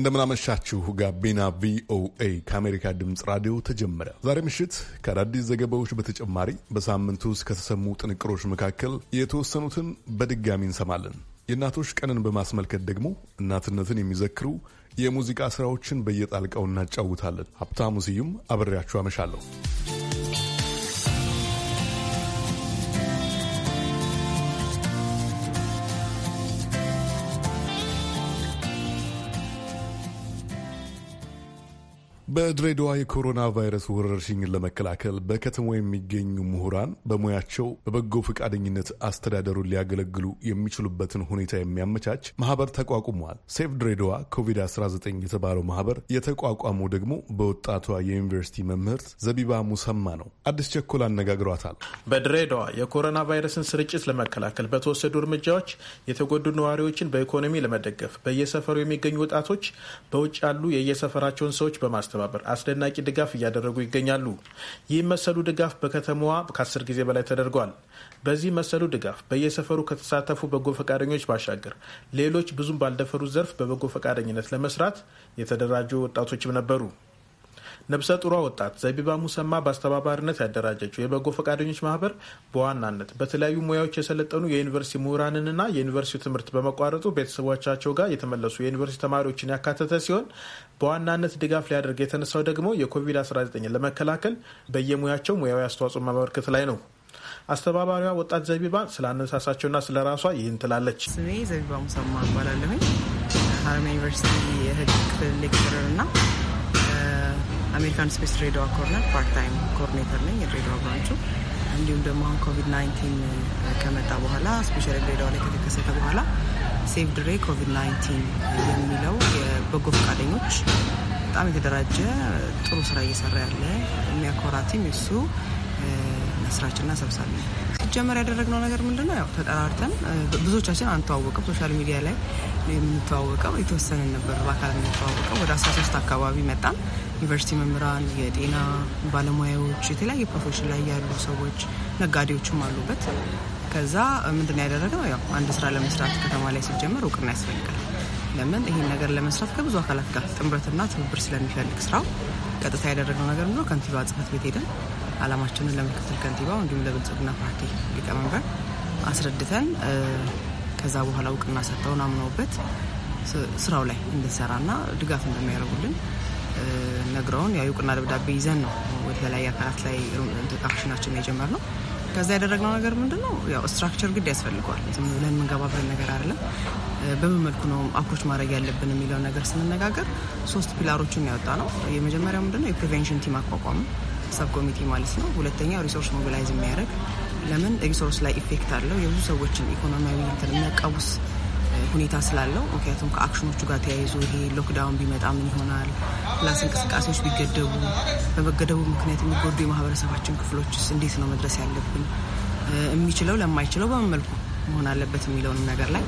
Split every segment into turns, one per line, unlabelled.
እንደምናመሻችሁ ጋቢና ቪኦኤ ከአሜሪካ ድምፅ ራዲዮ ተጀመረ። ዛሬ ምሽት ከአዳዲስ ዘገባዎች በተጨማሪ በሳምንቱ ውስጥ ከተሰሙ ጥንቅሮች መካከል የተወሰኑትን በድጋሚ እንሰማለን። የእናቶች ቀንን በማስመልከት ደግሞ እናትነትን የሚዘክሩ የሙዚቃ ስራዎችን በየጣልቀው እናጫውታለን። ሀብታሙ ስዩም አብሬያችሁ አመሻለሁ። በድሬዳዋ የኮሮና ቫይረስ ወረርሽኝን ለመከላከል በከተማ የሚገኙ ምሁራን በሙያቸው በበጎ ፈቃደኝነት አስተዳደሩን ሊያገለግሉ የሚችሉበትን ሁኔታ የሚያመቻች ማህበር ተቋቁሟል። ሴፍ ድሬዳዋ ኮቪድ-19 የተባለው ማህበር የተቋቋመው ደግሞ በወጣቷ የዩኒቨርሲቲ መምህርት ዘቢባ ሙሰማ ነው። አዲስ ቸኮል አነጋግሯታል።
በድሬዳዋ የኮሮና ቫይረስን ስርጭት ለመከላከል በተወሰዱ እርምጃዎች የተጎዱ ነዋሪዎችን በኢኮኖሚ ለመደገፍ በየሰፈሩ የሚገኙ ወጣቶች በውጭ ያሉ የየሰፈራቸውን ሰዎች በማስተ በማስተባበር አስደናቂ ድጋፍ እያደረጉ ይገኛሉ። ይህ መሰሉ ድጋፍ በከተማዋ ከአስር ጊዜ በላይ ተደርጓል። በዚህ መሰሉ ድጋፍ በየሰፈሩ ከተሳተፉ በጎ ፈቃደኞች ባሻገር ሌሎች ብዙም ባልደፈሩ ዘርፍ በበጎ ፈቃደኝነት ለመስራት የተደራጁ ወጣቶችም ነበሩ። ነብሰ ጡሯ ወጣት ዘቢባ ሙሰማ በአስተባባሪነት ያደራጀችው የበጎ ፈቃደኞች ማህበር በዋናነት በተለያዩ ሙያዎች የሰለጠኑ የዩኒቨርሲቲ ምሁራንንና የዩኒቨርሲቲ ትምህርት በመቋረጡ ቤተሰቦቻቸው ጋር የተመለሱ የዩኒቨርሲቲ ተማሪዎችን ያካተተ ሲሆን በዋናነት ድጋፍ ሊያደርግ የተነሳው ደግሞ የኮቪድ-19 ለመከላከል በየሙያቸው ሙያዊ አስተዋጽኦ ማበርከት ላይ ነው። አስተባባሪዋ ወጣት ዘቢባ ስለ አነሳሳቸውና ስለ ራሷ ይህን ትላለች። ስሜ ዘቢባ ሙሰማ እባላለሁኝ። ሀረማያ ዩኒቨርሲቲ የህግ ክፍል ሌክቸረር እና
አሜሪካን ስፔስ ድሬዳዋ ኮርነር ፓርት ታይም ኮኦርዲኔተር ነኝ የድሬዳዋ ብራንቹ። እንዲሁም ደግሞ አሁን ኮቪድ 19 ከመጣ በኋላ ስፔሻሊ ድሬዳዋ ላይ ከተከሰተ በኋላ ሴቭ ድሬ ኮቪድ 19 የሚለው የበጎ ፈቃደኞች በጣም የተደራጀ ጥሩ ስራ እየሰራ ያለ የሚያኮራ ቲም እሱ መስራችና ሰብሳቢ ነው። ሲጀመር ያደረግነው ነገር ምንድን ነው? ያው ተጠራርተን ብዙዎቻችን አንተዋወቅም። ሶሻል ሚዲያ ላይ የምንተዋወቀው የተወሰነን ነበር። በአካል የምንተዋወቀው ወደ 13 አካባቢ መጣን። ዩኒቨርሲቲ መምህራን፣ የጤና ባለሙያዎች፣ የተለያዩ ፕሮፌሽን ላይ ያሉ ሰዎች፣ ነጋዴዎችም አሉበት። ከዛ ምንድን ያደረገው ያው አንድ ስራ ለመስራት ከተማ ላይ ሲጀመር እውቅና ያስፈልጋል። ለምን ይህን ነገር ለመስራት ከብዙ አካላት ጋር ጥምረትና ትብብር ስለሚፈልግ ስራው ቀጥታ ያደረገው ነገር ምድ ከንቲባ ጽህፈት ቤት ሄደን አላማችንን ለምክትል ከንቲባ እንዲሁም ለብልጽግና ፓርቲ ሊቀመንበር አስረድተን ከዛ በኋላ እውቅና ሰጥተውን አምነውበት ስራው ላይ እንድንሰራና ድጋፍ እንደሚያደርጉልን ነግረውን የእውቅና ደብዳቤ ይዘን ነው ወደ ተለያዩ አካላት ላይ አክሽናችን የጀመርነው። ከዛ ያደረግነው ነገር ምንድን ነው? ያው ስትራክቸር ግድ ያስፈልገዋል። ዝም ብለን የምንገባበት ነገር አይደለም። በምን መልኩ ነው አፕሮች ማድረግ ያለብን የሚለው ነገር ስንነጋገር ሶስት ፒላሮችን ያወጣ ነው። የመጀመሪያው ምንድን ነው? የፕሪቬንሽን ቲም አቋቋም ሰብ ኮሚቴ ማለት ነው። ሁለተኛ ሪሶርስ ሞቢላይዝ የሚያደርግ ለምን ሪሶርስ ላይ ኢፌክት አለው የብዙ ሰዎችን ኢኮኖሚያዊ የሚያቃውስ ሁኔታ ስላለው ምክንያቱም ከአክሽኖቹ ጋር ተያይዞ ይሄ ሎክዳውን ቢመጣ ምን ይሆናል፣ ፕላስ እንቅስቃሴዎች ቢገደቡ፣ በመገደቡ ምክንያት የሚጎዱ የማህበረሰባችን ክፍሎችስ እንዴት ነው መድረስ ያለብን፣ የሚችለው ለማይችለው በምን መልኩ መሆን አለበት የሚለውንም ነገር ላይ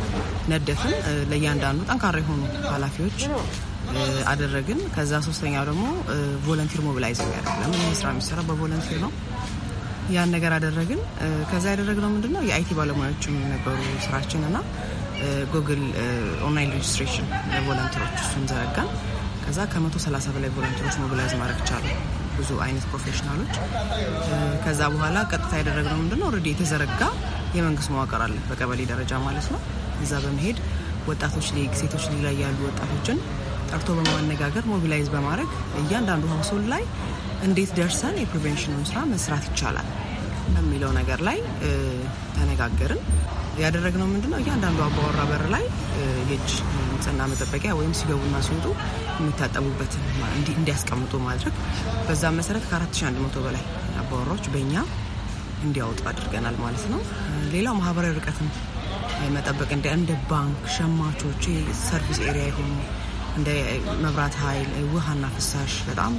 ነደፍን። ለእያንዳንዱ ጠንካራ የሆኑ ኃላፊዎች አደረግን። ከዛ ሶስተኛው ደግሞ ቮለንቲር ሞቢላይዝ ያደርግ ለምን ስራ የሚሰራ በቮለንቲር ነው። ያን ነገር አደረግን። ከዛ ያደረግነው ምንድነው የአይቲ ባለሙያዎችም ነበሩ ስራችን እና ጉግል ኦንላይን ሬጅስትሬሽን ለቮለንተሮች እሱን ዘረጋ። ከዛ ከ130 በላይ ቮለንተሮች ሞቢላይዝ ማድረግ ቻሉ። ብዙ አይነት ፕሮፌሽናሎች። ከዛ በኋላ ቀጥታ ያደረግነው ምንድነው ኦልሬዲ የተዘረጋ የመንግስት መዋቅር አለ፣ በቀበሌ ደረጃ ማለት ነው። እዛ በመሄድ ወጣቶች ሊግ፣ ሴቶች ሊግ ላይ ያሉ ወጣቶችን ጠርቶ በማነጋገር ሞቢላይዝ በማድረግ እያንዳንዱ ሀውሶል ላይ እንዴት ደርሰን የፕሪቬንሽኑን ስራ መስራት ይቻላል የሚለው ነገር ላይ ተነጋገርን። ያደረግነው ምንድነው እያንዳንዱ አባወራ በር ላይ የእጅ ንጽህና መጠበቂያ ወይም ሲገቡና ሲወጡ የሚታጠቡበትን እንዲያስቀምጡ ማድረግ። በዛ መሰረት ከ4100 በላይ አባወራዎች በእኛ እንዲያወጡ አድርገናል ማለት ነው። ሌላው ማህበራዊ ርቀትን መጠበቅ እንደ ባንክ፣ ሸማቾች፣ ሰርቪስ ኤሪያ የሆኑ እንደ መብራት ኃይል፣ ውሃና ፍሳሽ በጣም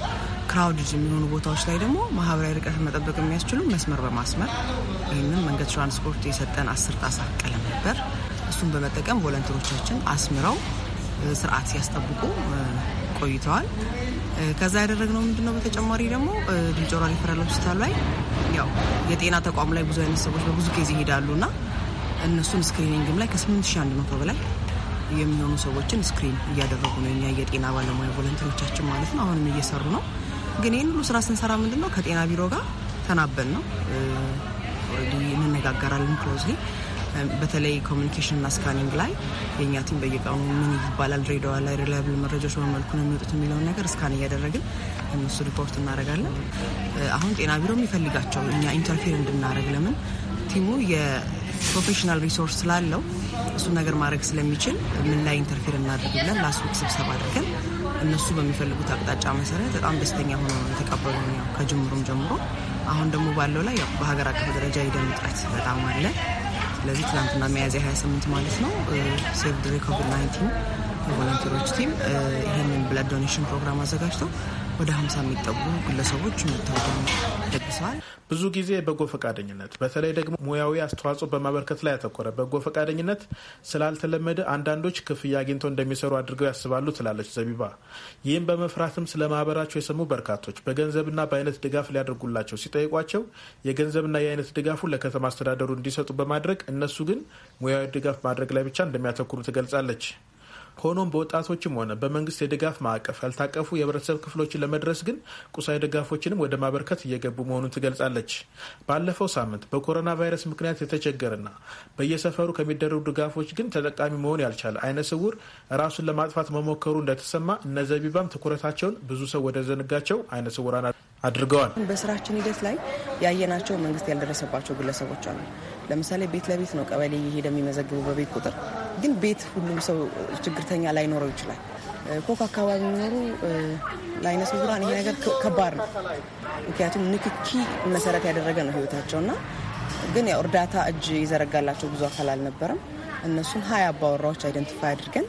ክራውድድ የሚሆኑ ቦታዎች ላይ ደግሞ ማህበራዊ ርቀት መጠበቅ የሚያስችሉ መስመር በማስመር ይህንም መንገድ ትራንስፖርት የሰጠን አስር ጣሳ ቀለም ነበር። እሱን በመጠቀም ቮለንተሮቻችን አስምረው ስርዓት ሲያስጠብቁ ቆይተዋል። ከዛ ያደረግነው ምንድነው? በተጨማሪ ደግሞ ድልጮራ ሪፈራል ሆስፒታል ላይ ያው የጤና ተቋም ላይ ብዙ አይነት ሰዎች በብዙ ጊዜ ይሄዳሉና እነሱን ስክሪኒንግም ላይ ከ8100 በላይ የሚሆኑ ሰዎችን ስክሪን እያደረጉ ነው የኛ የጤና ባለሙያ ቮለንተሮቻችን ማለት ነው። አሁንም እየሰሩ ነው። ግን ይህን ሁሉ ስራ ስንሰራ ምንድን ነው ከጤና ቢሮ ጋር ተናበን ነው እንነጋገራለን ክሎዝሊ በተለይ ኮሚኒኬሽን እና ስካኒንግ ላይ የእኛ ቲም በየቀኑ ምን ይባላል ድሬዳዋ ላይ ሪላያብል መረጃዎች በመልኩ ነው የሚወጡት የሚለውን ነገር እስካን እያደረግን እነሱ ሪፖርት እናደርጋለን። አሁን ጤና ቢሮ የሚፈልጋቸው እኛ ኢንተርፌር እንድናደርግ ለምን ቲሙ የፕሮፌሽናል ሪሶርስ ስላለው እሱን ነገር ማድረግ ስለሚችል ምን ላይ ኢንተርፌር እናደርግ ብለን ስብሰባ አድርገን እነሱ በሚፈልጉት አቅጣጫ መሰረት በጣም ደስተኛ ሆኖ ነው የተቀበሉ ከጅምሩም ጀምሮ። አሁን ደግሞ ባለው ላይ በሀገር አቀፍ ደረጃ የደም እጥረት በጣም አለ። ስለዚህ ትናንትና ሚያዝያ 28 ማለት ነው ሴቭ ኮቪድ 19 የቮለንቲሮች ቲም ይህንን ብለድ ዶኔሽን ፕሮግራም አዘጋጅተው
ወደ 50 የሚጠጉ ግለሰቦች መታወቂያ ደግሰዋል። ብዙ ጊዜ በጎ ፈቃደኝነት በተለይ ደግሞ ሙያዊ አስተዋጽኦ በማበርከት ላይ ያተኮረ በጎ ፈቃደኝነት ስላልተለመደ አንዳንዶች ክፍያ አግኝተው እንደሚሰሩ አድርገው ያስባሉ ትላለች ዘቢባ። ይህም በመፍራትም ስለ ማህበራቸው የሰሙ በርካቶች በገንዘብና በአይነት ድጋፍ ሊያደርጉላቸው ሲጠይቋቸው የገንዘብና የአይነት ድጋፉ ለከተማ አስተዳደሩ እንዲሰጡ በማድረግ እነሱ ግን ሙያዊ ድጋፍ ማድረግ ላይ ብቻ እንደሚያተኩሩ ትገልጻለች። ሆኖም በወጣቶችም ሆነ በመንግስት የድጋፍ ማዕቀፍ ያልታቀፉ የህብረተሰብ ክፍሎችን ለመድረስ ግን ቁሳዊ ድጋፎችንም ወደ ማበርከት እየገቡ መሆኑን ትገልጻለች። ባለፈው ሳምንት በኮሮና ቫይረስ ምክንያት የተቸገረና በየሰፈሩ ከሚደረጉ ድጋፎች ግን ተጠቃሚ መሆን ያልቻለ አይነ ስውር ራሱን ለማጥፋት መሞከሩ እንደተሰማ እነ ዘቢባም ትኩረታቸውን ብዙ ሰው ወደ ዘንጋቸው አይነ ስውራን አድርገዋል።
በስራችን ሂደት ላይ ያየናቸው መንግስት ያልደረሰባቸው ግለሰቦች አሉ። ለምሳሌ ቤት ለቤት ነው ቀበሌ እየሄደ የሚመዘግቡ በቤት ቁጥር ግን ቤት ሁሉም ሰው ችግርተኛ ላይኖረው ይችላል። ኮክ አካባቢ የሚኖሩ ለአይነ ስውራን ይሄ ነገር ከባድ ነው። ምክንያቱም ንክኪ መሰረት ያደረገ ነው ህይወታቸውና ግን ያው እርዳታ እጅ ይዘረጋላቸው ብዙ አካል አልነበረም። እነሱን ሀያ አባወራዎች አይደንቲፋይ አድርገን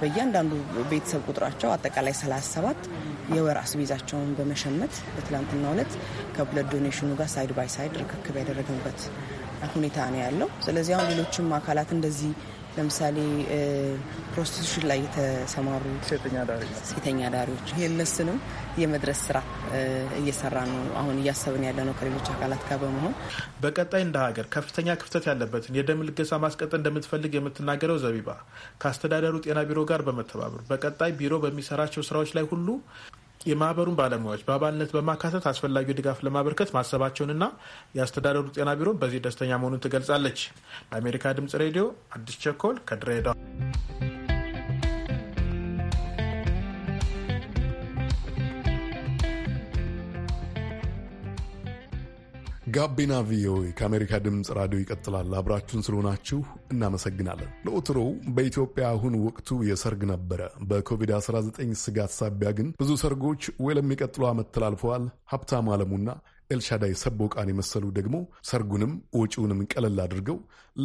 በእያንዳንዱ ቤተሰብ ቁጥራቸው አጠቃላይ 37 የወር አስቤዛቸውን በመሸመት በትላንትናው ዕለት ከብለድ ዶኔሽኑ ጋር ሳይድ ባይ ሳይድ ርክክብ ያደረግንበት ሁኔታ ነው ያለው። ስለዚህ አሁን ሌሎችም አካላት እንደዚህ ለምሳሌ ፕሮስቲቱሽን ላይ የተሰማሩ ሴተኛ ዳሪዎች ይህ
የመድረስ ስራ እየሰራ ነው። አሁን እያሰብን ያለ ነው ከሌሎች አካላት ጋር በመሆን በቀጣይ እንደ ሀገር ከፍተኛ ክፍተት ያለበትን የደም ልገሳ ማስቀጠል እንደምትፈልግ የምትናገረው ዘቢባ ከአስተዳደሩ ጤና ቢሮ ጋር በመተባበር በቀጣይ ቢሮ በሚሰራቸው ስራዎች ላይ ሁሉ የማህበሩን ባለሙያዎች በአባልነት በማካተት አስፈላጊው ድጋፍ ለማበርከት ማሰባቸውንና የአስተዳደሩ ጤና ቢሮ በዚህ ደስተኛ መሆኑን ትገልጻለች። ለአሜሪካ ድምጽ ሬዲዮ አዲስ ቸኮል ከድሬዳዋ
ጋቢና ቪኦኤ ከአሜሪካ ድምፅ ራዲዮ ይቀጥላል። አብራችሁን ስለሆናችሁ እናመሰግናለን። ለወትሮው በኢትዮጵያ አሁን ወቅቱ የሰርግ ነበረ። በኮቪድ-19 ስጋት ሳቢያ ግን ብዙ ሰርጎች ወይ ለሚቀጥለው ዓመት ተላልፈዋል። ሀብታም አለሙና ኤልሻዳይ ሰቦቃን የመሰሉ ደግሞ ሰርጉንም ወጪውንም ቀለል አድርገው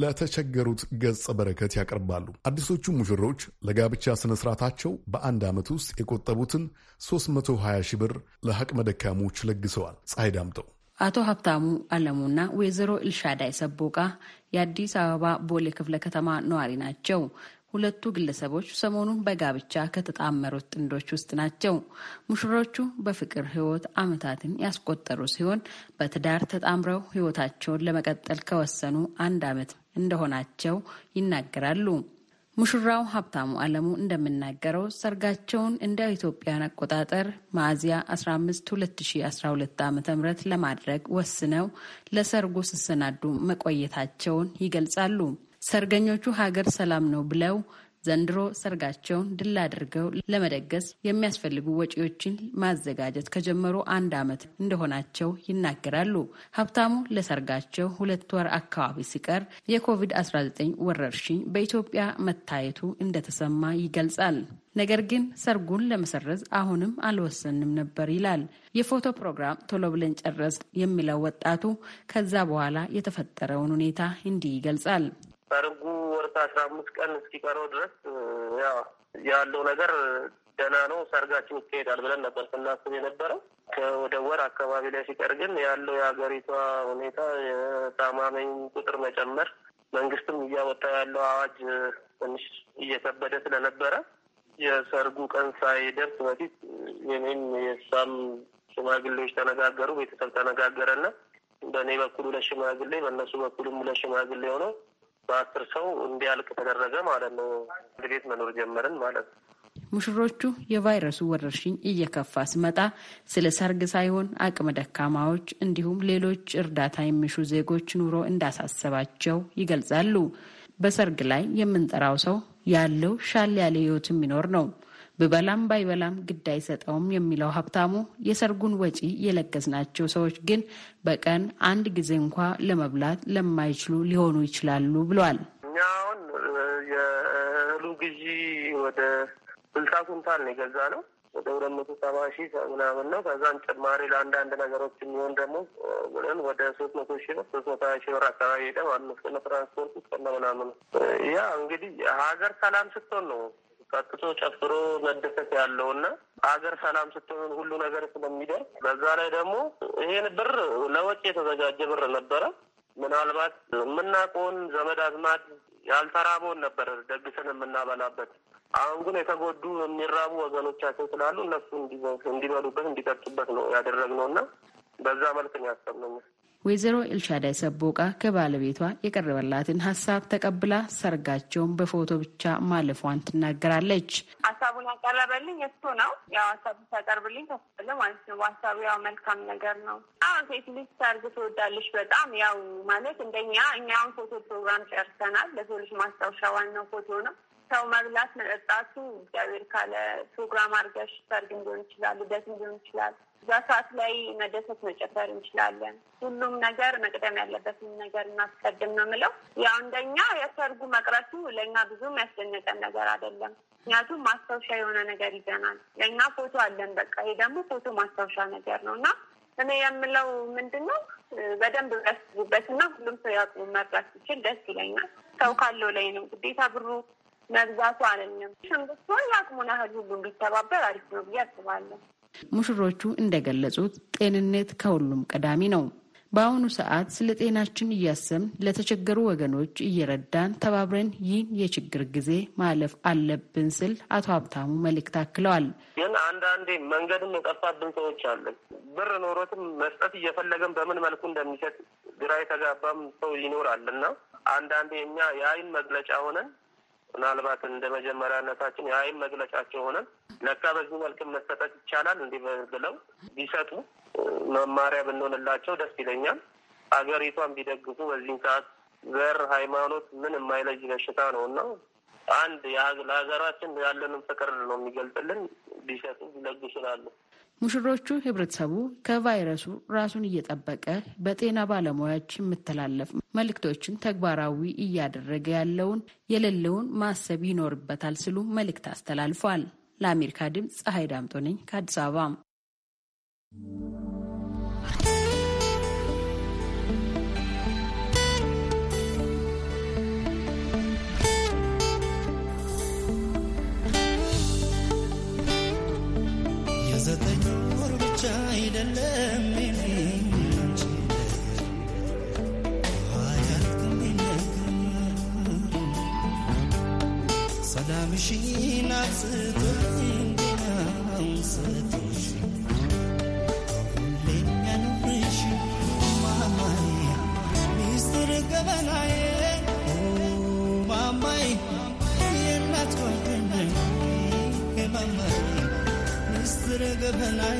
ለተቸገሩት ገጸ በረከት ያቀርባሉ። አዲሶቹ ሙሽሮች ለጋብቻ ስነ ስርዓታቸው በአንድ ዓመት ውስጥ የቆጠቡትን 320 ሺህ ብር ለአቅመ ደካሞች ለግሰዋል። ፀሐይ ዳምጠው
አቶ ሀብታሙ አለሙና ወይዘሮ እልሻዳይ ሰቦቃ የአዲስ አበባ ቦሌ ክፍለ ከተማ ነዋሪ ናቸው። ሁለቱ ግለሰቦች ሰሞኑን በጋብቻ ከተጣመሩት ጥንዶች ውስጥ ናቸው። ሙሽሮቹ በፍቅር ሕይወት ዓመታትን ያስቆጠሩ ሲሆን በትዳር ተጣምረው ሕይወታቸውን ለመቀጠል ከወሰኑ አንድ ዓመት እንደሆናቸው ይናገራሉ። ሙሽራው ሀብታሙ አለሙ እንደሚናገረው ሰርጋቸውን እንደ ኢትዮጵያን አቆጣጠር ሚያዝያ 15 2012 ዓ ም ለማድረግ ወስነው ለሰርጉ ሲሰናዱ መቆየታቸውን ይገልጻሉ። ሰርገኞቹ ሀገር ሰላም ነው ብለው ዘንድሮ ሰርጋቸውን ድል አድርገው ለመደገስ የሚያስፈልጉ ወጪዎችን ማዘጋጀት ከጀመሩ አንድ ዓመት እንደሆናቸው ይናገራሉ። ሀብታሙ ለሰርጋቸው ሁለት ወር አካባቢ ሲቀር የኮቪድ-19 ወረርሽኝ በኢትዮጵያ መታየቱ እንደተሰማ ይገልጻል። ነገር ግን ሰርጉን ለመሰረዝ አሁንም አልወሰንም ነበር ይላል። የፎቶ ፕሮግራም ቶሎ ብለን ጨረስ የሚለው ወጣቱ ከዛ በኋላ የተፈጠረውን ሁኔታ እንዲህ ይገልጻል። ሰርጉ ወርተ አስራ አምስት ቀን እስኪቀረው ድረስ ያው
ያለው ነገር ደህና ነው፣ ሰርጋችን ይካሄዳል ብለን ነበር ስናስብ የነበረው። ከወደ ወር አካባቢ ላይ ሲቀር ግን ያለው የሀገሪቷ ሁኔታ የታማመኝ ቁጥር መጨመር፣ መንግስትም እያወጣ ያለው አዋጅ ትንሽ እየከበደ ስለነበረ የሰርጉ ቀን ሳይደርስ በፊት የኔም የሳም ሽማግሌዎች ተነጋገሩ፣ ቤተሰብ ተነጋገረና በእኔ በኩል ለሽማግሌ ሽማግሌ በእነሱ በኩልም ለሽማግሌ ሽማግሌ ሆነው በአስር ሰው እንዲያልቅ ተደረገ ማለት ነው። አንድ ቤት መኖር ጀመርን ማለት ነው።
ሙሽሮቹ የቫይረሱ ወረርሽኝ እየከፋ ሲመጣ ስለ ሰርግ ሳይሆን አቅመ ደካማዎች እንዲሁም ሌሎች እርዳታ የሚሹ ዜጎች ኑሮ እንዳሳሰባቸው ይገልጻሉ። በሰርግ ላይ የምንጠራው ሰው ያለው ሻል ያለ ሕይወት የሚኖር ነው። ብበላም ባይበላም ግድ አይሰጠውም የሚለው ሀብታሙ የሰርጉን ወጪ የለገስናቸው ሰዎች ግን በቀን አንድ ጊዜ እንኳ ለመብላት ለማይችሉ ሊሆኑ ይችላሉ ብለዋል።
እኛ አሁን የእህሉ ግዢ ወደ ስልሳ ኩንታል ነው የገዛ ነው ወደ ሁለት መቶ ሰባ ሺህ ምናምን ነው። ከዛን ጭማሪ ለአንዳንድ ነገሮች የሚሆን ደግሞ ብለን ወደ ሶስት መቶ ሺህ ነው ሶስት መቶ ሀያ ሺህ ብር አካባቢ ሄደ ማለት ነው። ትራንስፖርት ውስጥ ምናምን ነው። ያ እንግዲህ ሀገር ሰላም ስትሆን ነው ቀጥቶ ጨፍሮ መደሰት ያለው እና አገር ሰላም ስትሆን ሁሉ ነገር ስለሚደርስ በዛ ላይ ደግሞ ይሄን ብር ለወጪ የተዘጋጀ ብር ነበረ። ምናልባት የምናውቀውን ዘመድ አዝማድ ያልተራበውን ነበር ደግሰን የምናበላበት። አሁን ግን የተጎዱ የሚራቡ ወገኖቻቸው ስላሉ እነሱ እንዲበሉበት እንዲጠጡበት ነው ያደረግነው እና በዛ መልክ ነው ያሰብነው።
ወይዘሮ ኤልሻዳይ ሰቦቃ ከባለቤቷ የቀረበላትን ሀሳብ ተቀብላ ሰርጋቸውን በፎቶ ብቻ ማለፏን ትናገራለች።
ሀሳቡን ያቀረበልኝ እሱ ነው። ያው ሀሳቡ ሲያቀርብልኝ ተስለ ማለት ነው። በሀሳቡ ያው መልካም ነገር ነው። አዎ ሴት ልጅ ሰርግ ትወዳለች በጣም ያው ማለት እንደኛ እኛውን ፎቶ ፕሮግራም ጨርሰናል። ለሰው ልጅ ማስታወሻ ዋናው ፎቶ ነው። ሰው መብላት መጠጣቱ እግዚአብሔር ካለ ፕሮግራም አድርገሽ ሰርግ ሊሆን ይችላል፣ ልደት ሊሆን ይችላል በሰዓት ላይ መደሰት መጨፈር እንችላለን። ሁሉም ነገር መቅደም ያለበትን ነገር እናስቀድም ነው ምለው። ያው አንደኛ የሰርጉ መቅረቱ ለእኛ ብዙም ያስደነቀን ነገር አይደለም። ምክንያቱም ማስታወሻ የሆነ ነገር ይዘናል። ለእኛ ፎቶ አለን። በቃ ይሄ ደግሞ ፎቶ ማስታወሻ ነገር ነው እና እኔ የምለው ምንድን ነው በደንብ ያስቡበት እና ሁሉም ሰው ያውቁ መርዳት ሲችል ደስ ይለኛል። ሰው ካለው ላይ ነው ግዴታ ብሩ መግዛቱ አለኝም ሽንብሶን ያቅሙን ያህል ሁሉም ቢተባበር አሪፍ ነው ብዬ አስባለሁ።
ሙሽሮቹ እንደገለጹት ጤንነት ከሁሉም ቀዳሚ ነው። በአሁኑ ሰዓት ስለ ጤናችን እያሰብን ለተቸገሩ ወገኖች እየረዳን ተባብረን ይህን የችግር ጊዜ ማለፍ አለብን ስል አቶ ሀብታሙ መልእክት አክለዋል።
ግን አንዳንዴ መንገድም የጠፋብን ሰዎች አለን። ብር ኖሮትም መስጠት እየፈለገን በምን መልኩ እንደሚሰጥ ግራ የተጋባም ሰው ይኖራል እና አንዳንዴ እኛ የአይን መግለጫ ሆነን ምናልባት እንደ መጀመሪያነታችን የአይን መግለጫቸው ሆነን ለካ በዚህ መልክም መሰጠት ይቻላል እንዲህ ብለው ቢሰጡ መማሪያ ብንሆንላቸው ደስ ይለኛል። ሀገሪቷን ቢደግፉ በዚህም ሰዓት ዘር፣ ሃይማኖት ምን የማይለይ በሽታ ነው እና አንድ ለሀገራችን ያለንን ፍቅር ነው የሚገልጽልን ቢሰጡ ቢለግሱ ይችላሉ።
ሙሽሮቹ ህብረተሰቡ ከቫይረሱ ራሱን እየጠበቀ በጤና ባለሙያዎች የምተላለፍ መልእክቶችን ተግባራዊ እያደረገ ያለውን የሌለውን ማሰብ ይኖርበታል ሲሉ መልእክት አስተላልፏል። ለአሜሪካ ድምፅ ፀሐይ ዳምጦ ነኝ ከአዲስ አበባ።
ሰላምሽን አብዝቶልኝ ጤና ሰቶሽ ለኛንሽ ማማይ ሚስጥር ገበናዬ ማማይ የእናት ወንድነ ማማይ ሚስጥር ገበናዬ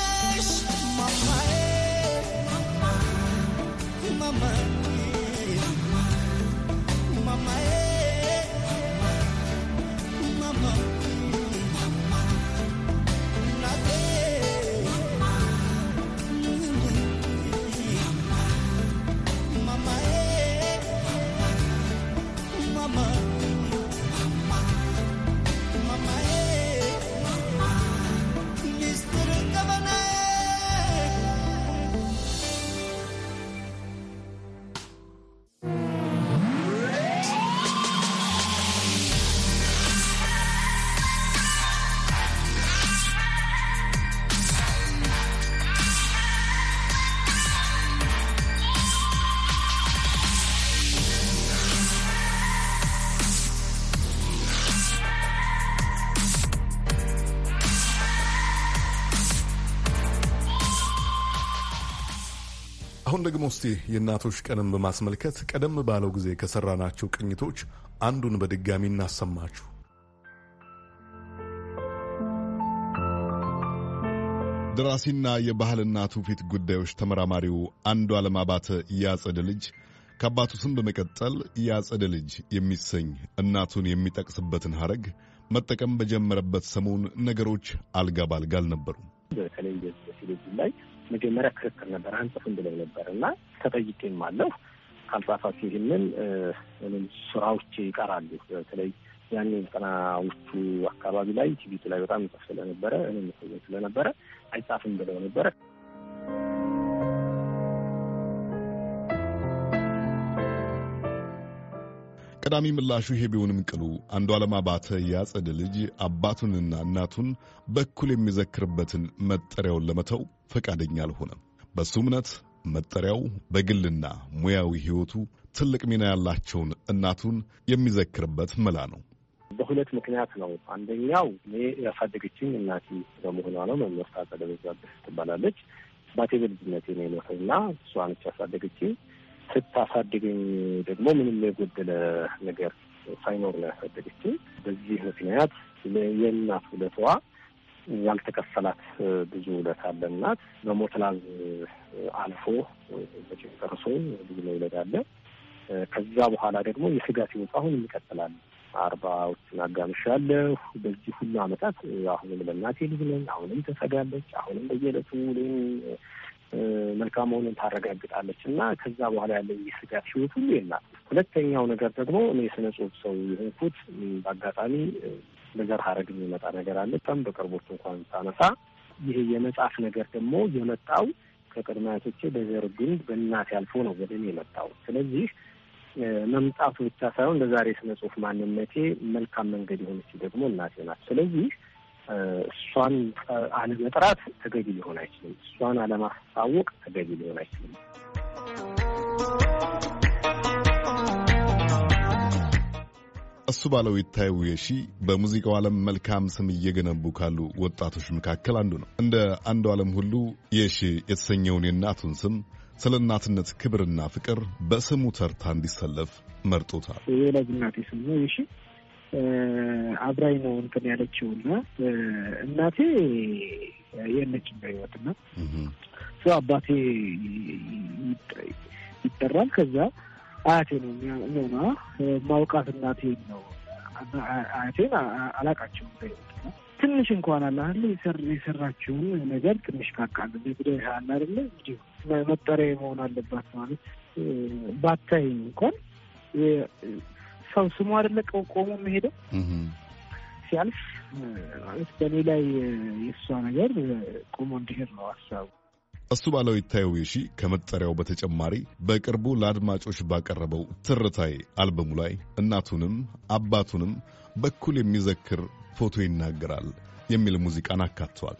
my, mama.
አሁን ደግሞ እስቲ የእናቶች ቀንን በማስመልከት ቀደም ባለው ጊዜ ከሰራናቸው ቅኝቶች አንዱን በድጋሚ እናሰማችሁ። ደራሲና የባህልና ትውፊት ጉዳዮች ተመራማሪው አንዱዓለም አባተ ያጸደ ልጅ ከአባቱ ስም በመቀጠል ያጸደ ልጅ የሚሰኝ እናቱን የሚጠቅስበትን ሐረግ መጠቀም በጀመረበት ሰሞን ነገሮች አልጋ ባልጋ አልነበሩም።
በተለይ በቴሌቪዥን ላይ መጀመሪያ ክርክር ነበር። አንጽፍም ብለው ነበር እና ተጠይቄም አለሁ ካልጻፋችሁ ይህንን ስራዎች ይቀራሉ። በተለይ ያኔ ዘጠናዎቹ አካባቢ ላይ ቲቪቱ ላይ በጣም ጽፍ ስለነበረ እኔ ስለነበረ አይጻፍም ብለው ነበረ።
ቀዳሚ ምላሹ ይሄ ቢሆንም ቅሉ አንዱዓለም አባተ ያጸደ ልጅ አባቱንና እናቱን በኩል የሚዘክርበትን መጠሪያውን ለመተው ፈቃደኛ አልሆነም። በሱ እምነት መጠሪያው በግልና ሙያዊ ሕይወቱ ትልቅ ሚና ያላቸውን እናቱን የሚዘክርበት መላ ነው።
በሁለት ምክንያት ነው። አንደኛው እኔ ያሳደገችኝ እናቴ በመሆኗ ነው። መምህርት አጸደ በዛብህ ትባላለች። አባቴ በልጅነቴ ነው የሞተው እና እሷ ነች ያሳደገችኝ። ታሳድገኝ ደግሞ ምንም የጎደለ ነገር ሳይኖር ነው ያሳደገችኝ። በዚህ ምክንያት የእናት ውለቷ ያልተከፈላት ብዙ ውለት አለ። እናት በሞትላዝ ላይ አልፎ በጨርሶ ብዙ መውለድ አለ። ከዛ በኋላ ደግሞ የስጋ ሲወጣ አሁንም ይቀጥላል። አርባዎቹን አጋምሻለሁ። በዚህ ሁሉ አመታት አሁንም ለእናቴ ልጅ ነኝ። አሁንም ተሰጋለች። አሁንም በየዕለቱ ውሌን መልካም መሆኑን ታረጋግጣለች እና ከዛ በኋላ ያለ የስጋት ህይወት ሁሉ የላት። ሁለተኛው ነገር ደግሞ እኔ የስነ ጽሁፍ ሰው የሆንኩት በአጋጣሚ በዘር ሀረግ የሚመጣ ነገር አለ። በጣም በቅርቦች እንኳን ሳነሳ ይሄ የመጽሐፍ ነገር ደግሞ የመጣው ከቅድመ አያቶቼ በዘር ግንድ በእናት ያልፎ ነው ወደ እኔ የመጣው። ስለዚህ መምጣቱ ብቻ ሳይሆን ለዛሬ ስነ ጽሁፍ ማንነቴ መልካም መንገድ የሆነች ደግሞ እናቴ ናት። ስለዚህ እሷን አለመጥራት ተገቢ ሊሆን አይችልም። እሷን አለማሳወቅ ተገቢ ሊሆን አይችልም።
እሱ ባለው ይታየው የሺ በሙዚቃው ዓለም መልካም ስም እየገነቡ ካሉ ወጣቶች መካከል አንዱ ነው። እንደ አንዱ ዓለም ሁሉ የሺ የተሰኘውን የእናቱን ስም ስለ እናትነት ክብርና ፍቅር በስሙ ተርታ እንዲሰለፍ መርጦታል።
የወላጅ እናቴ ስም ነው የሺ አብራኝ ነው እንትን ያለችው እና እናቴ የነች በህይወት ና አባቴ ይጠራል። ከዛ አያቴ ነው ሆና ማውቃት እናቴን ነው አያቴን አላቃቸውም በህይወት ትንሽ እንኳን አላለ የሰራችውን ነገር ትንሽ ካቃል ብደ አላደለ እንዲሁ መጠሪያ መሆን አለባት ማለት ባታይኝ እንኳን ሰው ስሙ አይደለ ቆሞ የሚሄደው ሲያልፍ ማለት በእኔ ላይ የእሷ ነገር ቆሞ እንዲሄድ ነው ሀሳቡ።
እሱ ባለው ይታየው የሺ ከመጠሪያው በተጨማሪ በቅርቡ ለአድማጮች ባቀረበው ትርታይ አልበሙ ላይ እናቱንም አባቱንም በኩል የሚዘክር ፎቶ ይናገራል የሚል ሙዚቃን አካቷል።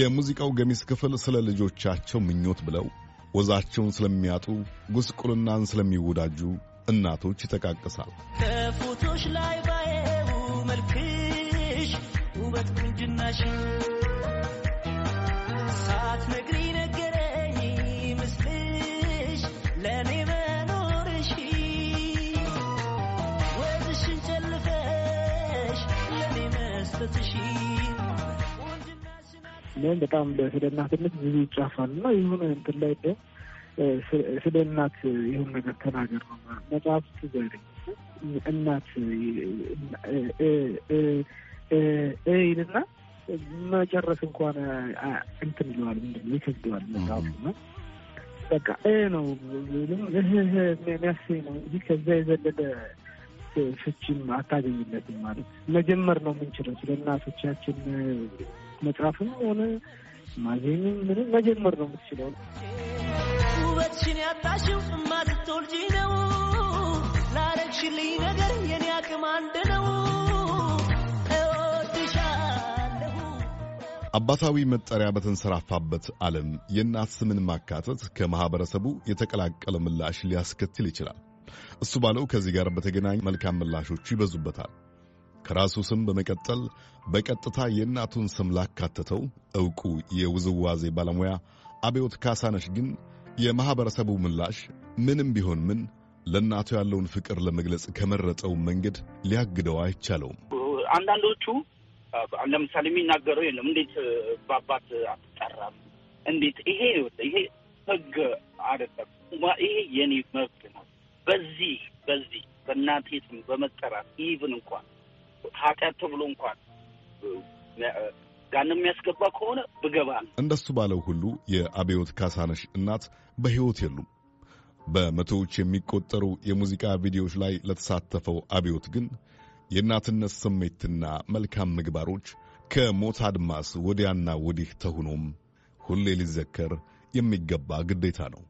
የሙዚቃው ገሚስ ክፍል ስለ ልጆቻቸው ምኞት ብለው ወዛቸውን ስለሚያጡ ጉስቁልናን ስለሚወዳጁ እናቶች ይጠቃቅሳል።
ከፎቶች ላይ ባየው መልክሽ ውበት ቁንጅናሽ ነግሪ ነገረኝ ምስልሽ ለእኔ መኖርሽ ወዝሽን ጨልፈሽ ለእኔ መስጠትሽ
በጣም ለእናትነት ብዙ ይጫፋል እና የሆነ እንትን ላይ ደ ስለ እናት ይሁን ነገር ተናገር ነው መጽሐፍ ትዛሬ እናት ይልና መጨረስ እንኳን እንትን ይለዋል። ምንድን ነው ይከብደዋል መጽሐፉና በቃ ነው የሚያሰኝ ነው እንጂ ከዛ የዘለለ ፍቺም አታገኝለትም። ማለት መጀመር ነው የምንችለው ስለ እናቶቻችን መጽሐፍም ሆነ ማዜኝም ምንም መጀመር ነው የምትችለው።
እናትሽን ያጣሽው እማትቶልጂ ነው። ላረግሽልኝ ነገር የኔ አቅም አንድ ነው።
አባታዊ መጠሪያ በተንሰራፋበት ዓለም የእናት ስምን ማካተት ከማኅበረሰቡ የተቀላቀለ ምላሽ ሊያስከትል ይችላል። እሱ ባለው ከዚህ ጋር በተገናኝ መልካም ምላሾቹ ይበዙበታል። ከራሱ ስም በመቀጠል በቀጥታ የእናቱን ስም ላካተተው ዕውቁ የውዝዋዜ ባለሙያ አብዮት ካሳነሽ ግን የማኅበረሰቡ ምላሽ ምንም ቢሆን ምን ለእናቱ ያለውን ፍቅር ለመግለጽ ከመረጠው መንገድ ሊያግደው አይቻለውም።
አንዳንዶቹ ለምሳሌ የሚናገረው የለም እንዴት በአባት አትጠራም? እንዴት ይሄ ይሄ ህግ አይደለም። ይሄ የኔ መብት ነው። በዚህ በዚህ በእናቴ ስም በመጠራት ኢቭን እንኳን ኃጢአት ተብሎ እንኳን ጋን የሚያስገባ ከሆነ ብገባል።
እንደሱ ባለው ሁሉ የአብዮት ካሳነሽ እናት በሕይወት የሉም። በመቶዎች የሚቆጠሩ የሙዚቃ ቪዲዮዎች ላይ ለተሳተፈው አብዮት ግን የእናትነት ስሜትና መልካም ምግባሮች ከሞት አድማስ ወዲያና ወዲህ ተሁኖም ሁሌ ሊዘከር የሚገባ ግዴታ ነው።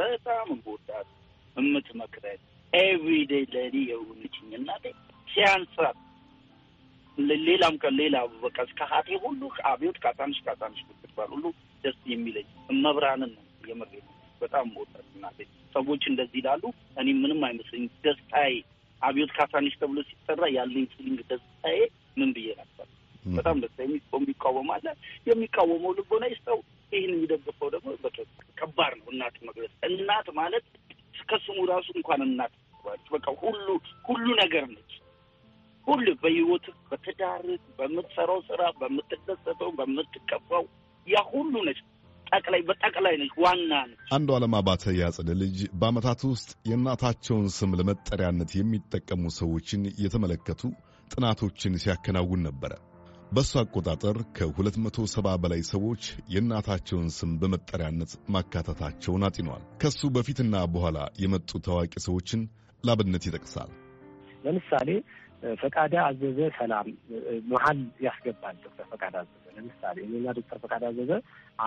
በጣም እንጎዳት የምትመክረኝ ኤቭሪዴይ ለእኔ የሆነችኝ እናቴ ሲያንስራት ሌላም ከሌላ ሌላ በቃ እስከ ሀቴ ሁሉ አብዮት ካሳንሽ ካሳንሽ ብትባል ሁሉ ደስ የሚለኝ መብራንን ነው የምሬ ነው። በጣም ወጣት እናቴ ሰዎች እንደዚህ ይላሉ። እኔ ምንም አይመስለኝ ደስታዬ አብዮት ካሳኒሽ ተብሎ ሲጠራ ያለኝ ፊሊንግ ደስታዬ ምን ብዬ ነበር። በጣም ደስታ የሚቃወም አለ። የሚቃወመው ልቦና ይስጠው። ይህን የሚደግፈው ደግሞ ከባድ ነው። እናት መግለጽ እናት ማለት ከስሙ ራሱ እንኳን እናት በቃ ሁሉ ሁሉ ነገር ነች። ሁሉ በህይወትህ፣ በትዳርህ፣ በምትሰራው ስራ፣ በምትደሰተው፣ በምትቀባው ያ ሁሉ ነች። ጠቅላይ በጠቅላይ ነች ዋና ነች።
አንዱ ዓለም አባተ ያጸደ ልጅ በዓመታት ውስጥ የእናታቸውን ስም ለመጠሪያነት የሚጠቀሙ ሰዎችን የተመለከቱ ጥናቶችን ሲያከናውን ነበረ። በእሱ አቆጣጠር ከ270 በላይ ሰዎች የእናታቸውን ስም በመጠሪያነት ማካተታቸውን አጢኗል። ከሱ በፊትና በኋላ የመጡ ታዋቂ ሰዎችን ላብነት ይጠቅሳል።
ለምሳሌ ፈቃደ አዘዘ ሰላም መሀል ያስገባል ዶክተር ፈቃደ አዘዘ። ለምሳሌ እኔና ዶክተር ፈቃደ አዘዘ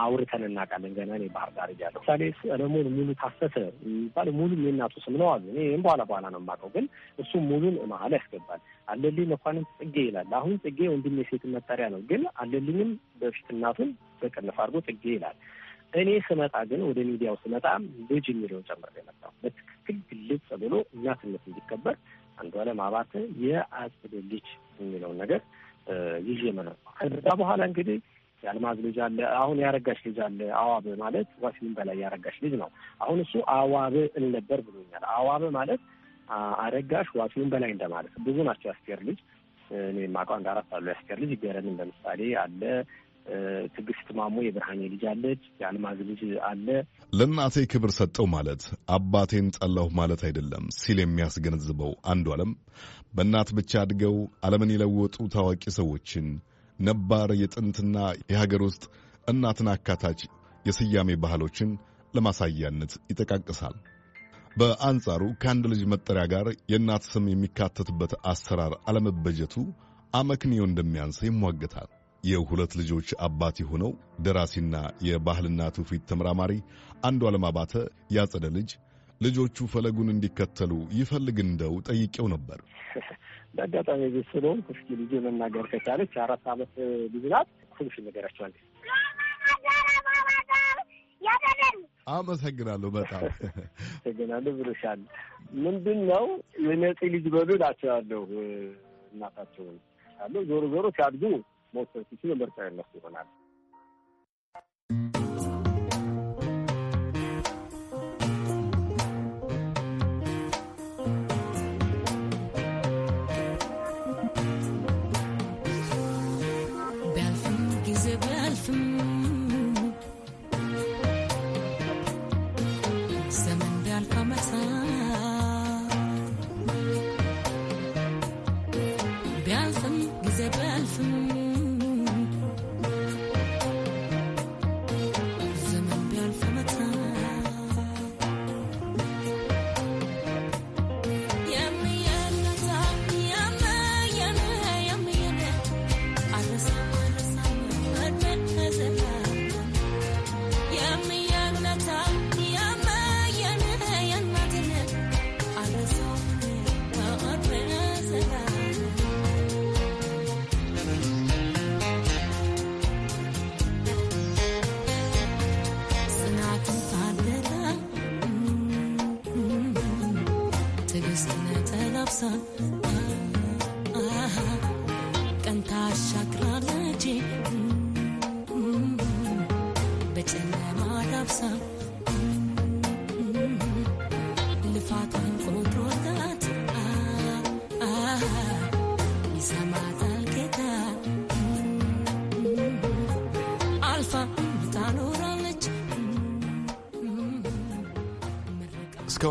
አውርተን እናውቃለን። ገና እኔ ባህር ዳር እያለሁ ምሳሌ ሰለሞን ሙሉ ታፈተ የሚባል ሙሉ የእናቱ ስም ነው አሉ። ይህም በኋላ በኋላ ነው የማውቀው፣ ግን እሱም ሙሉን መሀል ያስገባል። አለልኝ መኳንን ጽጌ ይላል። አሁን ጽጌ ወንድም የሴት መጠሪያ ነው፣ ግን አለልኝም በፊት እናቱን በቅንፍ አድርጎ ጽጌ ይላል። እኔ ስመጣ ግን ወደ ሚዲያው ስመጣ ልጅ የሚለውን ጨምር የመጣው በትክክል ግልጽ ብሎ እናትነት እንዲከበር አንዷለም አባተ የአጽድ ልጅ የሚለውን ነገር ይዤ መነው። ከዛ በኋላ እንግዲህ የአልማዝ ልጅ አለ፣ አሁን ያረጋሽ ልጅ አለ። አዋብ ማለት ዋሲም በላይ ያረጋሽ ልጅ ነው። አሁን እሱ አዋብ እንነበር ብሎኛል። አዋብ ማለት አረጋሽ ዋሲም በላይ እንደማለት ብዙ ናቸው። የአስቴር ልጅ እኔ ማቋ እንዳራት አሉ። የአስቴር ልጅ ገረምን ለምሳሌ አለ ትግስት ማሞ የብርሃኔ ልጅ አለች፣ የአልማዝ ልጅ አለ።
ለእናቴ ክብር ሰጠው ማለት አባቴን ጠላሁ ማለት አይደለም ሲል የሚያስገነዝበው አንዱ ዓለም በእናት ብቻ አድገው ዓለምን የለወጡ ታዋቂ ሰዎችን ነባር የጥንትና የሀገር ውስጥ እናትን አካታች የስያሜ ባህሎችን ለማሳያነት ይጠቃቅሳል። በአንጻሩ ከአንድ ልጅ መጠሪያ ጋር የእናት ስም የሚካተትበት አሰራር አለመበጀቱ አመክንዮ እንደሚያንስ ይሟገታል። የሁለት ልጆች አባት የሆነው ደራሲና የባህልና ትውፊት ተመራማሪ አንዱዓለም አባተ ያጸደ ልጅ ልጆቹ ፈለጉን እንዲከተሉ ይፈልግ እንደው ጠይቄው ነበር።
በአጋጣሚ ቤት ስለሆንኩ እስኪ ልጅ መናገር ከቻለች አራት ዓመት ልጅ ናት። ትንሽ ነገራቸዋል።
አመሰግናለሁ። በጣም
አመሰግናለሁ ብሎሻል። ምንድን ነው የነጽ ልጅ በሉ ላቸዋለሁ። እናታቸውን አለ ዞሮ ዞሮ ሲያድጉ መወሰን ሲችሉ ምርጫ የነሱ ይሆናል።
sun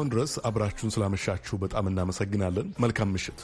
እስካሁን ድረስ አብራችሁን ስላመሻችሁ በጣም እናመሰግናለን። መልካም ምሽት።